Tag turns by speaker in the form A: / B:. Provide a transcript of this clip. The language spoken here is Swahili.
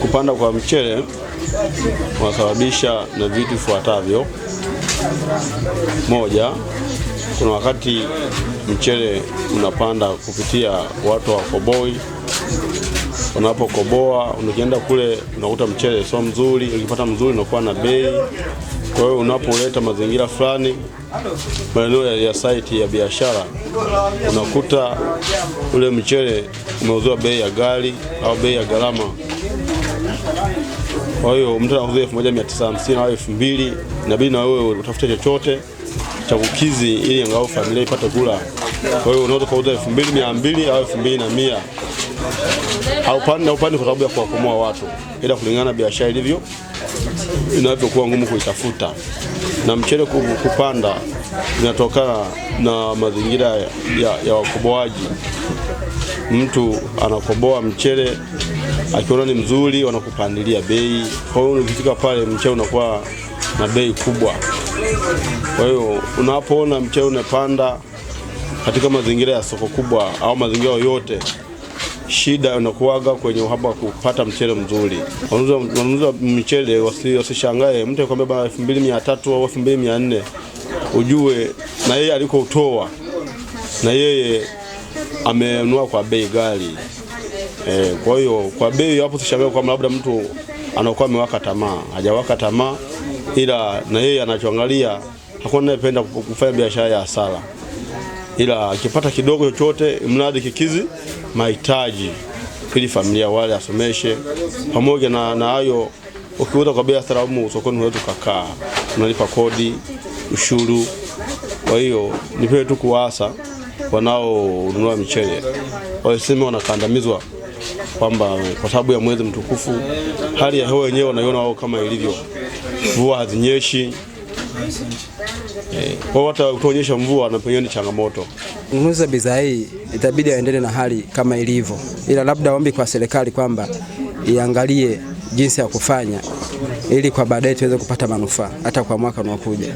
A: Kupanda kwa mchele kunasababisha na vitu vifuatavyo. Moja, kuna wakati mchele unapanda kupitia watu wakoboi, unapokoboa unakienda kule unakuta mchele sio mzuri, ukipata mzuri unakuwa na bei kwa hiyo unapoleta mazingira fulani maeneo ya, ya saiti ya biashara, unakuta ule mchele umeuzwa bei ya gari au bei ya gharama. Kwa hiyo mtu anauza elfu moja mia tisa hamsini au elfu mbili inabidi na wewe utafute chochote cha kukizi ili angalau familia ipate kula. Kwa hiyo unaweza kuuza elfu mbili mia mbili au elfu mbili na mia haupandi na upande kwa sababu ya kuwakomoa watu, ila kulingana na biashara ilivyo inavyokuwa ngumu kuitafuta na mchele kupanda inatokana na mazingira ya, ya, ya wakoboaji. Mtu anakoboa mchele akiona ni mzuri, wanakupandilia bei. Kwa hiyo ukifika pale mchele unakuwa na bei kubwa. Kwa hiyo unapoona mchele unapanda katika mazingira ya soko kubwa au mazingira yoyote shida inakuwaga kwenye uhaba wa kupata mchele mzuri. Wanunuzi wa mchele wasishangae mtu akwambia bana 2300 au 2400, ujue na yeye alikotoa na yeye amenunua kwa bei ghali. E, kwa hiyo kwa bei hapo sishangae kwamba labda mtu anakuwa amewaka tamaa, hajawaka tamaa, ila na yeye anachoangalia hakuna anayependa kufanya biashara ya hasara ila akipata kidogo chochote, mradi kikizi mahitaji ili familia wale asomeshe. Pamoja na hayo, ukiuza kwa bei ya saramu sokoni unaweza kukaa, unalipa kodi, ushuru. Kwa hiyo nipende tu kuwaasa wanaonunua michele waseme wanakandamizwa kwamba kwa sababu ya mwezi mtukufu, hali ya hewa yenyewe wanaiona wao kama ilivyo, mvua hazinyeshi. Kwa hata kutuonyesha mvua na penyewe ni changamoto.
B: Mnunuzi wa bidhaa hii itabidi aendelee na hali kama ilivyo, ila labda ombi kwa serikali kwamba iangalie jinsi ya kufanya ili kwa baadaye tuweze kupata manufaa hata kwa mwaka unaokuja.